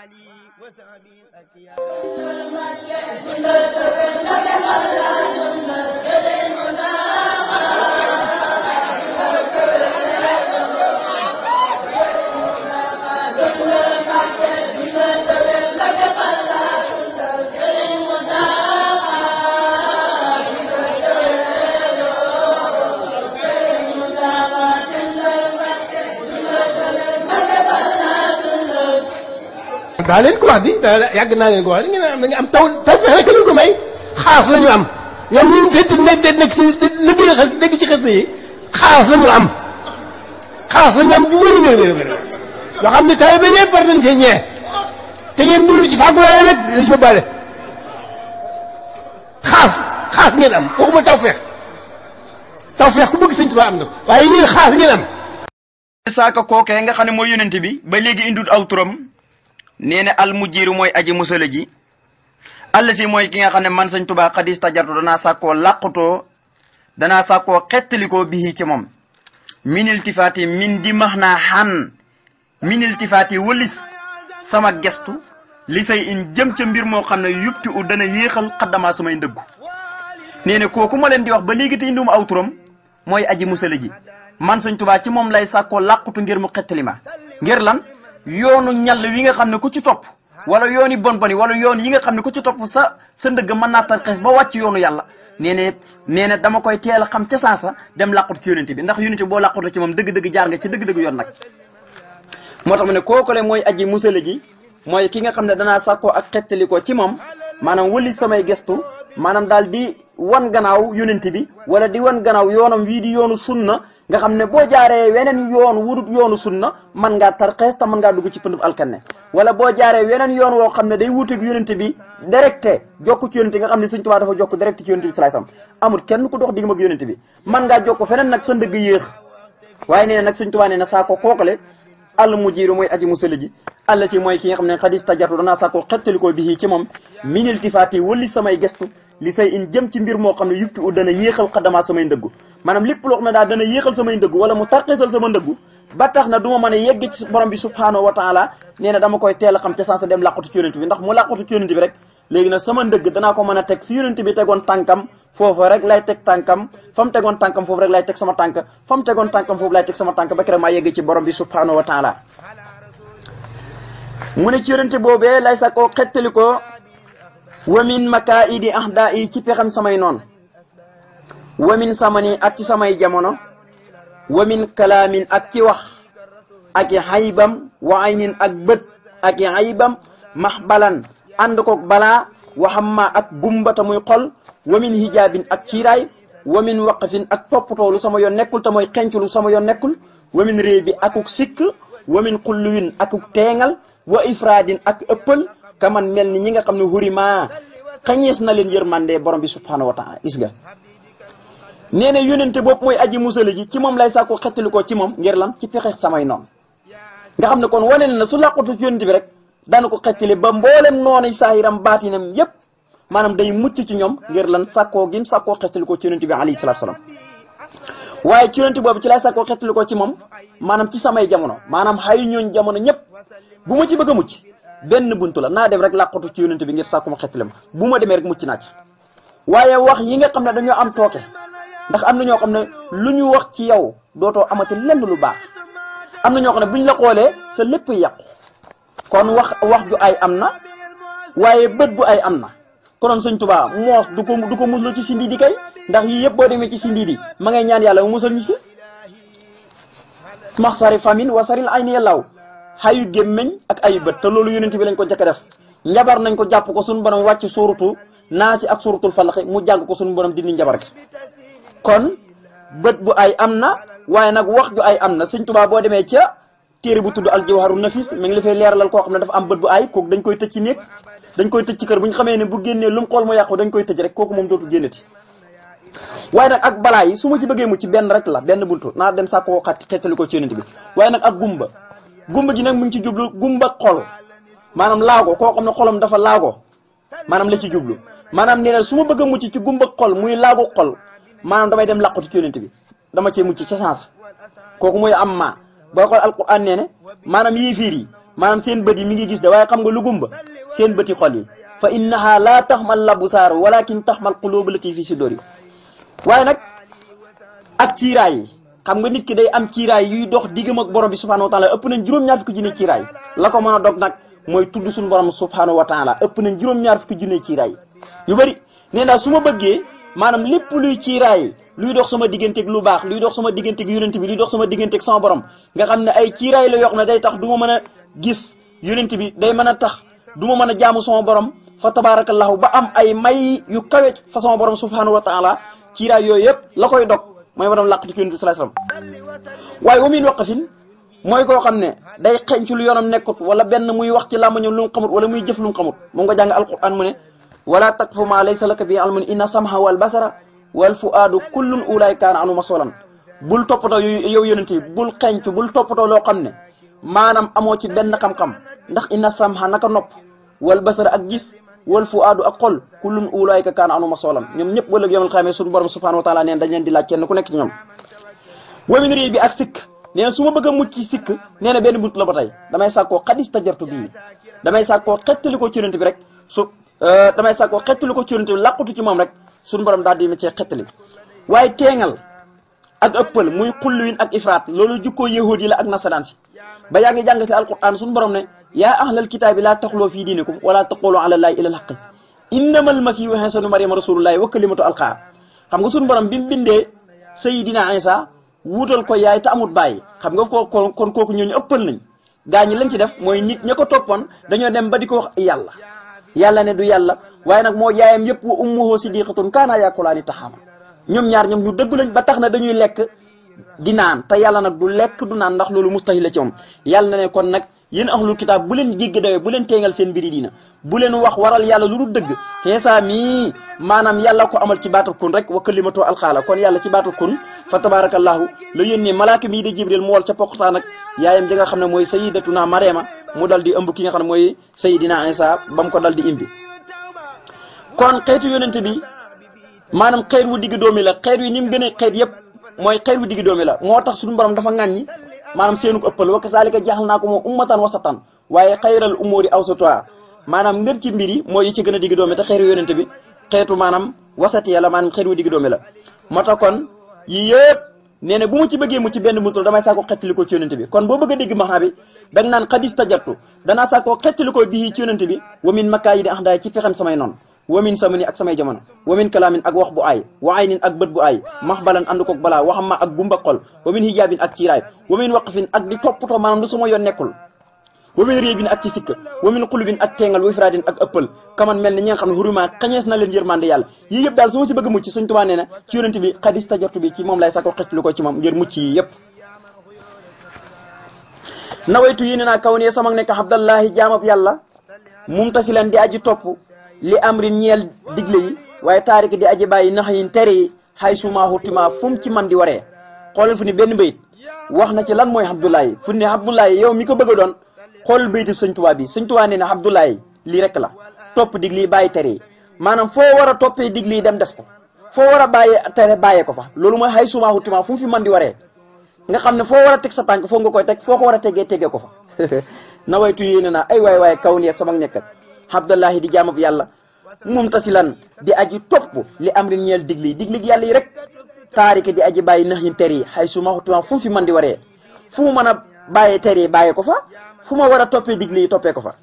وسعدي daa leen ko wax di daa yàgg naa am taw tawfeex rek lañ ko may xaas la ñu am ñoom ñun déet nekk déet ci xas yi xaas la ñu am xaas la am bu wér a wér a wér yoo ne tawee ba ñëpp war nañ ñee te ngeen mënul ci fàggu waaye nag dañ ko bale xaas ngeen am waxuma tawfeex tawfeex ku bëgg sëñ Tuubaa am na waaye yéen xaas ngeen am. saaka kookee nga xam ne mooy yonent bi ba léegi indul aw nee na al mujjiiru mooy aji musale ji àll si mooy ki nga xam ne man sañ tubaa xadis tajartu danaa sàkkoo làqutoo danaa sàkkoo xettalikoo bii ci moom minil tifaati min di max naa xan minil tifaati wëlis sama gestu li say in jëm ca mbir moo xam ne yupti u dana yéexal xaddamaa samay ndëggu nee kooku ma leen di wax ba léegi te induma aw turam mooy aji musale ji man sañ tubaa ci moom lay sàkkoo làqutu ngir mu xettali ma ngir lan yoonu ñal wi nga xam ne ku ci topp wala yoon yi bon bon yi wala yoon yi nga xam ne ku ci topp sa sa ndëgg man naa tarxees ba wàcc yoonu yàlla nee ne nee na dama koy teel a xam ca saasa dem làqut ci yónente bi ndax yónente bi boo làqut ci moom dëgg-dëgg jaar nga ci yoon nag moo tax ma ne kooku le mooy aji musale ji mooy ki nga xam ne danaa sàkkoo ak xettali ko ci moom maanaam wëli samay gestu maanaam daal di wan gannaaw yónente bi wala di wan gannaaw yoonam wii di yoonu sunna nga xam ne boo jaaree weneen yoon wudut yoonu sunna man ngaa tarxees te mën ngaa dugg ci pëndub alkanne wala boo jaaree weneen yoon woo xam ne day wuuteeg yonente bi directe jokk ci yonente nga xam ne Sëñ Tuubaa dafa jokk directe ci yonente bi salaay sam amul kenn ku dox diggam ak yonente bi man ngaa jokk feneen nag sa ndëgg yéex waaye nee nag Sëñ Tuubaa nee na saako ko kookale al mujiiru mooy aji musali ji àlla ci mooy ki nga xam ne xadis tajartu danaa sàkku xettalikoo bi ci moom min iltifaati wali samay gestu li say in jëm ci mbir moo xam ne yuppi u dana yéexal xadamaa samay ndëggu maanaam lépp loo xam ne daal dana yéexal samay ndëggu wala mu tarxeesal sama ndëggu ba tax na du ma mën a yegg ci borom bi subhaanahu wa taala dama koy teel a xam dem làqatu ci bi ndax mu làqatu ci bi rek léegi nag sama ndëgg ko mën a teg fi yonent bi tegoon foofu rek lay teg tànkam fa mu tegoon tànkam foofu rek lay teg sama tànk fa mu tegoon tànkam foofu lay sama tànk ba keroog maa yegg ci borom bi subhanahu mu ne ci yonente boobee lay sa koo xettali ko wamin makaa idi ahda yi ci pexam samay noonu wamin samani ak ci samay jamono wamin kalaamin ak ci wax ak i xaybam wa aynin ak bët ak i xaybam max balan ànd koog balaa waxammaa ak gumbata muy xol wamin hijaabin ak ciiraay wamin waqafin ak toppatoo lu sama yoon nekkul te mooy xenc lu sama yoon nekkul wamin réew bi akuk sikk wamin xulluwin akuk teengal wa ifraadin ak ëppal man mel ni ñi nga xam ne hurima xañees na leen yërmande borom bi subhanahu wa taala gis nga nee na yónente bopp mooy aji musale ji ci moom lay sàkku xettali ko ci moom ngir lan ci pexe samay noonu nga xam ne kon wane na su làqatu ci yónente bi rek dana ko xeccale ba mboolem noonu saahiram baatinam yépp maanaam day mucc ci ñoom ngir lan sakkoo gin sakkoo xettali ko ci yonent bi alayhi salaatu salaam waaye ci boobu ci lay sakkoo xettali ko ci moom maanaam ci samay jamono maanaam xayu ñooñ jamono ñëpp bu ma ci bëgg mucc benn buntu la naa dem rek làqatu ci yonent bi ngir sàkkuma xettali ma bu ma demee rek mucc naa ci waaye wax yi nga xam ne dañoo am tooke ndax am na ñoo xam ne lu ñu wax ci yow dootoo amati lenn lu baax am na ñoo xam ne buñ la xoolee sa lépp yàqu kon wax wax ju ay am na waaye bët bu ay am na konoon suñ Tuubaa moos du ko du ko muslu ci sindidi kay ndax yi yëpp boo demee ci sindidi ma ngay ñaan yàlla mu musal ñu si maxsari famine wasaril ay ni yàllaw xayu gémmeñ ak ay bët te loolu yonent bi lañ ko njëkk def njabar nañ ko jàpp ko suñu borom wàcc suuratu naasi ak suuratul falaqi mu jàng ko suñu borom dindi njabar ga kon bët bu ay am na waaye nag wax ju ay am na sëñ tubaa boo demee ca téere bu tudd al jawharu nafis mi ngi la fay koo xam ne dafa am bët bu aay kooku dañ koy tëj ci néeg dañ koy tëj ci kër bu ñu xamee ne bu génnee lu mu xool mu yàqu dañ koy tëj rek kooku moom dootu génnati waaye nag ak balaa yi su ma ci bëggee mu ci benn rek la benn buntu naa dem sàkk ko xat xettali ko ci yonent bi waaye nag ak gumba gumba gi nag mu ngi ci jublu gumba xol maanaam laago koo xam ne xolam dafa laago maanaam la ci jublu maanaam nee su ma bëgg a mucc ci gumba xol muy laago xol maanaam damay dem làqatu ci yonent bi dama cee mucc ca sansa kooku mooy am maa booy xool alquran nee ne maanaam yéeféer yi maanaam seen bët yi mi ngi gis de waaye xam nga lu ba seen bëti xol yi fa innaha la taxmal labsaar walakin taxmal qulubu lati fi sudur yi waaye nag ak ciiraay yi xam nga nit ki day am ciiraay yuy dox diggam ak borom bi subhanahu wa taala ëpp nañ juróom-ñaar fukki junne ciiraay la ko mën a dog nag mooy tudd suñu borom subhanahu wa ëpp nañ juróom-ñaar fukki junne ciiraay yu bari nee naa su ma bëggee maanaam lépp luy ciiraay luy dox sama digganteeg lu baax luy dox sama digganteeg yonent bi luy dox sama digganteeg sama borom nga xam ne ay kiiraay la yox na day tax du ma mën a gis yonent bi day man a tax du ma man a jaamu sama borom fa tabaarakallahu ba am ay may yu kawe fa sama borom subhanahu wa taala kiiraay yooyu yëpp la koy dog mooy ma doon làqatu ci yonent bi sallallahu alayhi wa sallam waaye amin waqafin mooy koo xam ne day xencu lu yoonam nekkut wala benn muy wax ci làmmañam lu xamut wala muy jëf lu mu xamut moom nga jàng alquran mu ne wala taqfu ma laysa laka bi ilmun inna samha wal fuaadu kullun ulaay kaana anu masolan bul toppatoo yow yonent yi bul xencu bul toppatoo loo xam ne maanaam amoo ci benn xam-xam ndax inna samha naka nopp wal basara ak gis wal fuaadu ak xol kullun ulaay ka kaana anu masolan ñoom ñëpp wala yomal xamee suñu borom subhanahu wa taala neen dañ di laaj ku nekk ci bi ak sikk nee su ma bëgg a ci sikk nee benn bunt la ba tey damay sàkkoo xadis tajartu bii damay sàkkoo xettali ko ci yonent bi rek su Euh, damay sàkkoo xettali ko ci yonent bi ci moom rek suñu borom daal di ma cee xettali waaye teengal ak ëppal muy xulluwin ak ifraat loolu jukkoo yahud yi la ak nasaraan si ba yaa ngi jàng si alquran suñu borom ne yaa ahlal kitaabi laa taxloo fii diinikum wala taqulu ala llaahi illa alxaqi innamal masihu insanu mariama rasulullahi wa kalimatu alqaa xam nga suñu borom bi mu bindee sayidina Isa wuutal ko yaay te amut bàyyi xam nga ko kon kooku ñooñu ëppal nañ gaa ñi lañ ci def mooy nit ña ko toppoon dañoo dem ba di ko wax yàlla yàlla ne du yàlla waaye nag moo yaayam yëpp wa ummuhu sidiqatun kaana yakulaani taxaama ñoom ñaar ñoom ñu dëgg lañ ba tax na dañuy lekk di naan te yàlla nag du lekk du naan ndax loolu mustahil la ci moom yàlla ne kon nag yéen ahlul kitaab bu leen jéggi dawee bu leen teeŋal seen mbiri diina bu leen wax waral yàlla lu dul dëgg xeesaa mii maanaam yàlla ko amal ci baatul kun rek wa kalimatoo alxaala kon yàlla ci baatul kun fa tabaarakallaahu la yónnee malaaka mii di jibril mu wal ca poqtaan ak yaayam di nga xam ne mooy sayidatuna Mariama mu dal di ëmb ki xam ne mooy sayidina Isa ba mu ko dal di imbi kon xeetu yonente bi maanaam xeet wu digg doomi la xeet wi ni mu gën a xeet yëpp mooy xeet wu digg doomi la moo tax suñu borom dafa ŋàññi maanaam seenuk ëppal wa kasaalika jaaxal naa ko moom ummatan wasatan waaye xayral umóori awsatuha maanaam ngën ci mbir yi mooy yi ci gën a digg doomi te xeeru yonente bi xeetu maanaam wasatiya la maanaam xeer wu digg doomi la moo tax kon yi yëpp nee na bu mu ci bëggee mu ci benn mutul damay saako xettali ko ci yonente bi kon boo bëgg a dégg maxaa bi danga naan xadis tajattu danaa saako xettali ko bii ci yonente bi wa min makkaa yi di ax daay ci pexem samay noonu wamin samani ak samay jamono wamin kalaamin ak wax bu aay wa aynin ak bët bu aay maxbalan ànd koog balaa waxama ak gumba xol wamin hijaabin ak ciiraay wamin waqfin ak di toppatoo maanaam lu suma yoon nekkul wamin réebin ak ci sikk wamin xulubin ak teengal wifraadin ak ëppal kaman mel ni ñi xam ne xuruma xañees na leen yërmande yàlla yii yëpp daal su ma ci bëgg mucc suñ tubaa nee na ci yonent bi xadis tajartu bi ci moom lay sako xëcc lu ko ci moom ngir mucc yi yëpp nawaytu yéene naa kaw ne sama nekk abdallahi li am ri digle yi waaye taariki di aji bàyyi nax yi tere yi xay suma xutima fu mu ci man di waree xoolal fu ni benn bayit wax na ci lan mooy Abdoulaye fu ne Abdoulaye yow mi ko bëgg a doon xool baytu sëñtuwaa bi sëñtuwaa Tuubaa nee na Abdoulaye lii rek la topp digli bàyyi tere yi maanaam foo war a toppee digli yi dem def ko foo war a bàyyi tere bàyyee ko fa loolu mooy xay suma xutima fu mu fi man di waree nga xam ne foo war a teg sa tànk foo nga koy teg foo ko war a tegee tegee ko fa nawaytu yéene naa ay waay waay kaw ne sama nekkat abdallahi di jaamab yàlla mumtasilan di aji topp li am ri ñeel digli digli yàlla yi rek taarika di aji bàyyi nax ñi ter yi xay su ma waxtuwaan fu mu fi mën di waree fu mu mën a bàyyee ter yi bàyyee ko fa fu ma war a toppee digli yi toppee ko fa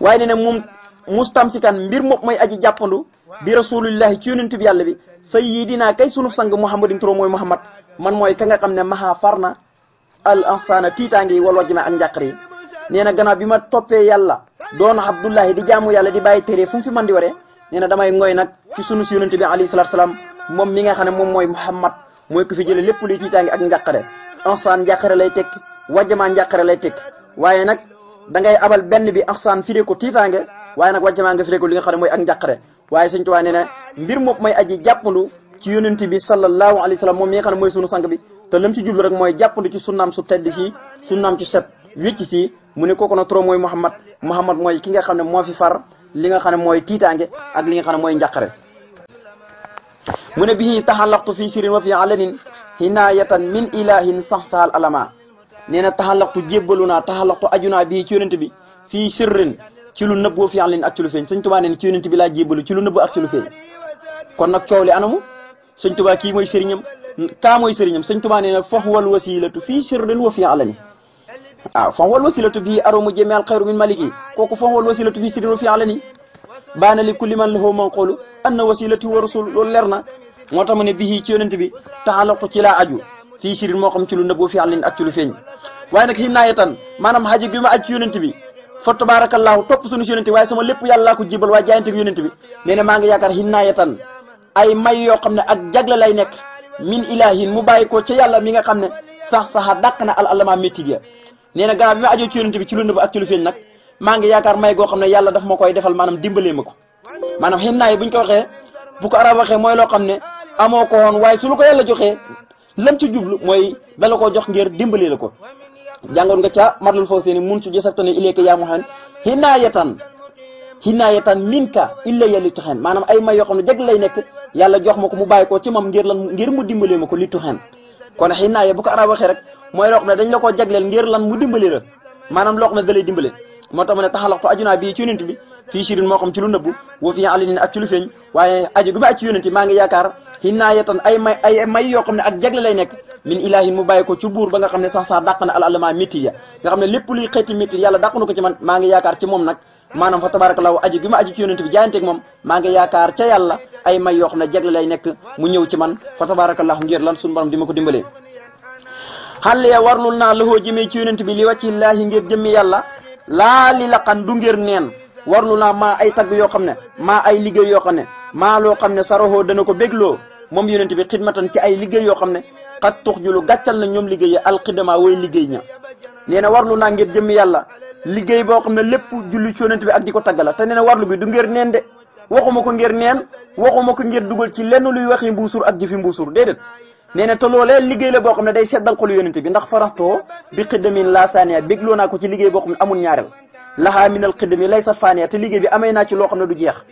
waaye nee na moom mustamsikan mbir moom mooy aji jàppandu bi rasulillahi ci yonent bi yàlla bi sayyidina kay sunub sang muhammadin turo mooy muhammad man mooy ka nga xam ne maha farna al ansana tiitaange yi wal wajma ak njàqar yi nee na gannaaw bi ma toppee yàlla doon Abdullahi di jaamu yàlla di bàyyi tere fu mu fi man di waree nee na damay ngooy nag ci sunu si yonente bi alayhi salaatu salaam moom mi nga xam ne moom mooy Muhammad mooy ku fi jëlee lépp luy tiitaange ak njàqare ansaan njàqare lay tekki wajjamaa njàqare lay tekki waaye nag da ngay abal benn bi ansaan firee ko tiitaange waaye nag wajjamaa nga firee ko li nga xam ne mooy ak njaqare waaye Sëñ Tuubaa nee mbir mook mooy aji jàppandu ci yonente bi sallallahu alayhi wa sallam moom mi nga xam mooy sunu sang bi te lam ci jublu rek mooy jàppandu ci sunnaam su tedd si sunnaam ci set wécc si mu ne kooku nag trop mooy Muhammad Muhammad mooy ki nga xam ne moo fi far li nga xam ne mooy tiitaange ak li nga xam ne mooy njàqare mu ne bii taxalaqtu fii sirin wa fii alanin hinaayatan min ilahin saxsaal alama nee na taxalaqtu jébbalu naa taxalaqtu aju naa bii ci yonent bi fii sirin ci lu nëbb wa fii alanin ak ci lu feeñ tubaa nee na ci yonent bi laa jébbalu ci lu nëbb ak kon nag coow li anamu sëñ tubaa kii mooy sëriñam kaa mooy sëriñam sëñ tubaa nee na faxwal wasilatu fii sirrin wa fii ah fanwal wasilatu bii aromu jami alxayru min maliki kooku fanwal wasilatu bii sirru fi alani baana li kulli man lahu manqulu anna wasilatu wa rasul loolu leer na moo tax mu ne bii ci yonent bi taxalaqu ci laa aju fii moo xam ci lu nëbbu fi alin ak ci lu feeñ waaye nag hinaayatan maanaam xaji gi ma aj ci yonent bi fa tabaarakallaahu topp sunu si yonent bi waaye sama lépp yàlla laa ko jibal waaye jaayante bi bi nee na maa ngi yaakaar hinaayatan ay may yoo xam ne ak jagle lay nekk min ilahin mu bàyyi ko ca yàlla mi nga xam ne sax saxa dàq na al alama métti ya nee na gannaaw bi ma ajoo ci yonent bi ci lu nëbb ak ci lu feeñ nag maa ngi yaakaar may goo xam ne yàlla daf ma koy defal maanaam dimbalee ma ko maanaam xin naa yi buñ ko ko arab waxee mooy loo xam ne amoo ko woon su la ko yàlla joxee lam ci jublu mooy dala koo jox ngir dimbalee la ko jàngoon nga ca marlul foo seeni mun su jësab tane ileeka yaa mu xen hinaayatan hinaayatan minka illa ya li tuxeen maanaam ay may yoo xam ne jag lay nekk yàlla jox ma ko mu bàyyi ko ci mam ngir lan ngir mu dimbalee ma ko li tuxeen kon xinaa ya bu ko arab waxee rek mooy loo xam ne dañ la koo jagleel ngir lan mu dimbali la maanaam loo xam ne da lay moo tax mu ne taxalax ko ajunaa bii bi ci lu nëbbu aj ci yonent maa ngi yaakaar xinaa ya tan ay may ay yoo xam ne ak jagle lay nekk min ilahin mu bàyyi ko ci ba nga xam ne sax sax dàq na al alama métti ya nga xam ne lépp luy xeeti métti yàlla dàq na ko ci man maa ngi yaakaar ci moom nag maanaam fa tabaarakallaahu aju gi ma aju ci yonent bi jaayanteeg moom maa ngi yaakaar ca yàlla ay may yoo xam ne jagle lay nekk mu ñëw ci man fa tabaarakallaahu ngir lan suñu borom di ma ko dimbalee xale ya warlul naa loxoo jëmee ci yonent bi li wàccillaahi ngir jëmmi yàlla laa li laqan du ngir neen warlu naa maa ay tagg yoo xam ne maa ay liggéey yoo xam ne maa loo xam ne saroxoo dana ko bégloo moom yonent bi xidmatan ci ay liggéey yoo xam ne xat tux julu gàccal na ñoom liggéey ya alxidama way liggéey na liggéey boo xam ne lépp julli ci yonent bi ak di ko tàggala te nee na warlu bi du ngir neen de waxuma ko ngir neen waxuma ko ngir dugal ci lenn luy waxi mbuusur ak jifi mbuusur déedéet nee na te loolee liggéey la boo xam ne day seddal xolu yonent bi ndax faraxtoo bi xiddamin laa saaniya bégloo naa ko ci liggéey boo xam ne amul ñaareel laxaa minal xiddami lay sa faaniya te liggéey bi amee naa ci loo xam ne du jeex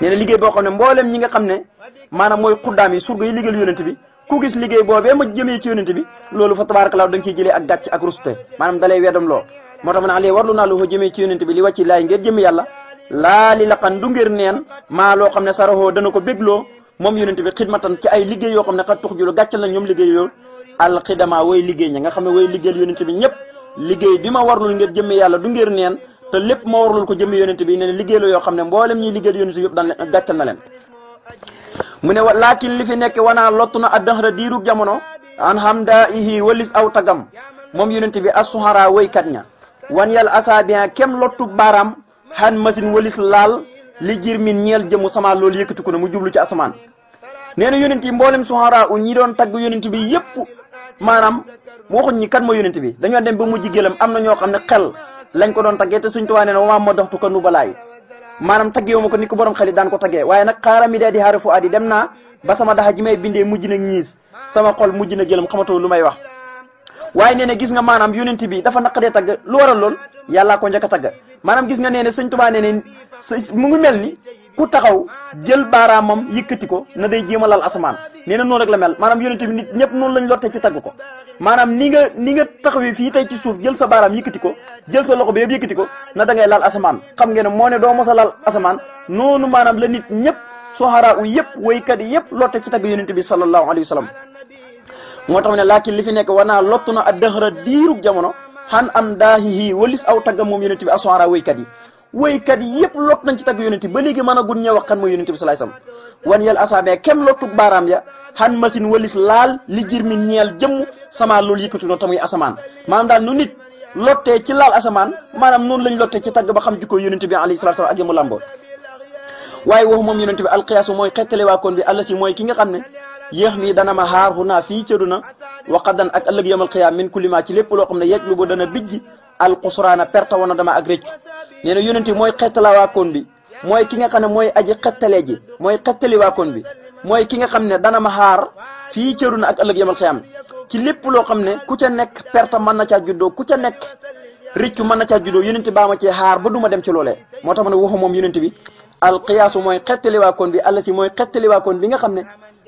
nee na liggéey boo xam ne mboolem ñi nga xam ne maanaam mooy xuddaam yi surga yi liggéeyal yonent bi ku gis liggéey boobee ma jëmee ci yonent bi loolu fa tabaarakallaahu da nga ciy jëlee ak gàcc ak ruste maanaam dalay weddam loo moo tax ma ne warlu naa lu ko jëmee ci yonent bi li wàcci laay ngir jëm yàlla laa li laqan du ngir neen maa loo xam ne saraxoo dana ko bégloo moom yonent bi xidmatan ci ay liggéey yoo xam ne xat tux julu gàccal na ñoom liggéey yoo alxidama way liggéey ña nga xam ne way liggéeyal yonent bi ñëpp liggéey bi ma warlul ngir jëmmi yàlla du ngir neen yoo xam ne mboolem ñuy liggéeyal yonent mu ne wa laakin li fi nekk wanaa lottu na addaxra diirug jamono an hamda ihi walis aw tagam moom yonent bi asuhara waykat ña wan yal asaabian kem lottu baaraam xan masin walis laal li jir min ñeel jëmu sama loolu yëkkati ko na mu jublu ci asamaan nee na yonent yi mboolem suhara u doon tagg yonent bi yépp maanaam waxuñ ñi kan moo yonent bi dañoo dem ba mu gëlam am na ñoo xam ne xel lañ ko doon taggee te suñ tuwaa nee na wamaa ma doxtu ko nu balaay maanaam taggee ma ko ni ko borom xel daan ko taggee waaye nag xaara mi daal di xaare fu aadi dem naa ba sama daxa ji may bindee mujj na ñiis sama xol mujj na gëlëm xamatoo lu may wax waaye nee na gis nga maanaam yonent bi dafa naqadee tagg lu waral lool yàlla ko njëkk a tagg maanaam gis nga nee ne sëñ tubaa nee ne mu mel ni ku taxaw jël baaraamam yëkkati ko na day jéem a lal asamaan nee noonu rek la mel maanaam yonente bi nit ñëpp noonu lañ lotte ci tagg ko maanaam ni nga ni nga taxawee fii tey ci suuf jël sa baaraam yëkkati ko jël sa loxo bi yëpp yëkkati ko na dangay ngay laal asamaan xam ngeen ne moo ne doo mos a laal asamaan noonu maanaam la nit ñëpp soxaraa u yëpp woykat yi yëpp lotte ci tagg yonente bi sallallahu alayhi wa sallam moo tax ne laakin li fi nekk war naa lottu na a dëxra diirug jamono xan am daahihi walis aw tagga moom yonente bi asoxaraa woykat yi woykat yëpp lot nañ ci tagg yonent ba léegi mën a wax kan mooy yonent bi salaay sam wan yel asaabee kem lottuk baaraam ya xan laal li jir mi ñeel jëmm sama loolu yëkkati noonu tamuy asamaan maanaam daal nu nit lottee ci laal asamaan maanaam noonu lañ lottee ci tagg ba xam jikko yonent bi alayhi salaatu salaam ak yamu lamboo waaye waxu moom yonent bi alqiyaasu mooy xettale waakoon bi àlla si mooy ki nga xam ne yéex mi dana ma xaar xunaa fii cëduna waqadan ak ëllëg yamal xiyaam min kulli ma ci lépp loo xam ne yej lu bu dana bijji alxusraana perte woon na dama ak rëccu nee na mooy xettala waa koon bi mooy ki nga xam ne mooy aji xettale ji mooy xettali waa koon bi mooy ki nga xam ne dana ma xaar fii cëru na ak ëllëg yamal xiyam ci lépp loo xam ne ku ca nekk perte mën na caa juddoo ku ca nekk riccu mën na caa juddoo yonent baa ma cee xaar ba duma dem ci loolee moo tax ma ne waxu moom yonent bi alqiyaasu mooy xettali waa koon bi àlla si mooy xettali waa koon bi nga xam ne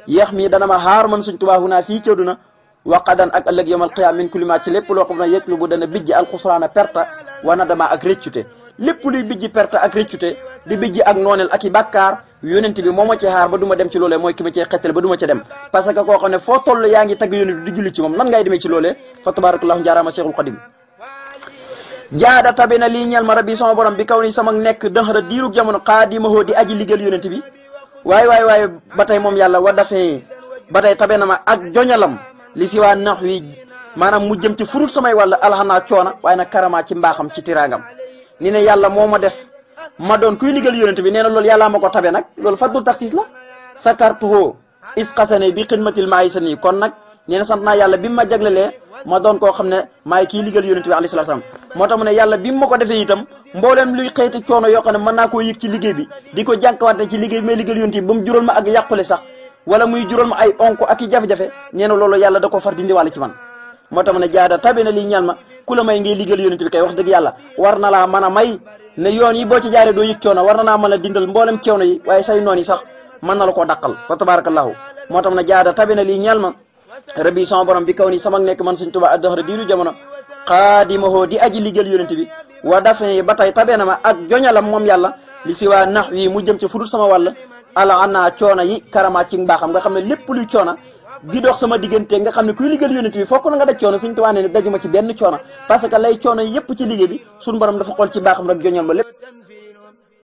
yeex mii dana ma xaar man suñ tubaabu naa fii cëru na waqadan ak ëllëg yamal xiyam min kulima ci loo xam ne yeglu bu dana bijji alxusraana perte wana dama ak réccute lépp luy bijji perte ak rëccute di bijji ak nooneel ak i bàkkaar yonent bi moo ma ci xaar ba duma dem ci loole mooy ki ma cee xettale ba du ma ca dem parce que koo xam ne foo toll yaa ngi tagg yonent di julli ci moom nan ngay demee ci loolee fa tabarakallahu njaaraama cheikhul xadim jaada tabe na lii ñeel ma rabbi sama borom bi kaw ni sama nekk dëxra diirug jamono xaadimahoo di aji liggéeyal yonent bi waaye waaye waaye ba tey moom yàlla wa dafee ba tey tabe na ma ak joñalam li si nax wi maanaam mu jëm ci furut samay wàll alxanaa coona waaye nag karama ci mbaaxam ci tiraangam ni ne yàlla moo ma def ma doon kuy liggéeyal yonent bi nee na loolu yàlla ma ko tabe nag loolu fadul taxsiis la sakartuhu isqasane bi san maayisani kon nag nee na sant naa yàlla bi ma jaglelee ma doon koo xam ne maay kii liggéeyal yonent bi alayhi salaam moo tax mu ne yàlla bi ma ko defee itam mboolem luy xeeti coono yoo xam ne mën naa koo yëg ci liggéey bi di ko jànkuwante ci liggéey bi may liggéeyal yonent bi ba mu jural ma ak yàqule sax wala ay onk ak i jafe-jafe nee na yàlla da koo far dindiwaale ci man moo tax na ne jaada tabi na lii ñaan ma ku la may ngay liggéeyal yonent bi kay wax dëgg yàlla war na laa mën a may ne yoon yi boo ci jaaree doo yëg coono war na laa mana a dindal mboolem coono yi waaye say noon yi sax man na la koo dàqal fa tabarakallahu moo tax na ne jaada tabi na lii ñaan ma rabbi sama borom bi kaw nii sama nekk man suñ tuba addaxra diiru jamono xaadimahoo di aji liggéeyal yonent bi wa dafe ba tey tabee na ma ak jooñalam moom yàlla li si waa nax wi mu jëm ci fudul sama wàll ala ana coono yi karama ci mbaaxam nga xam ne lépp luy coono di dox sama diggante nga xam ne kuy liggéeyal yonent bi fokk la nga daj coono suñ tuwaa ne dajuma ci benn coono parce lay coono yépp ci liggéey bi suñu borom dafa xool ci baaxam rek joñoon ba lépp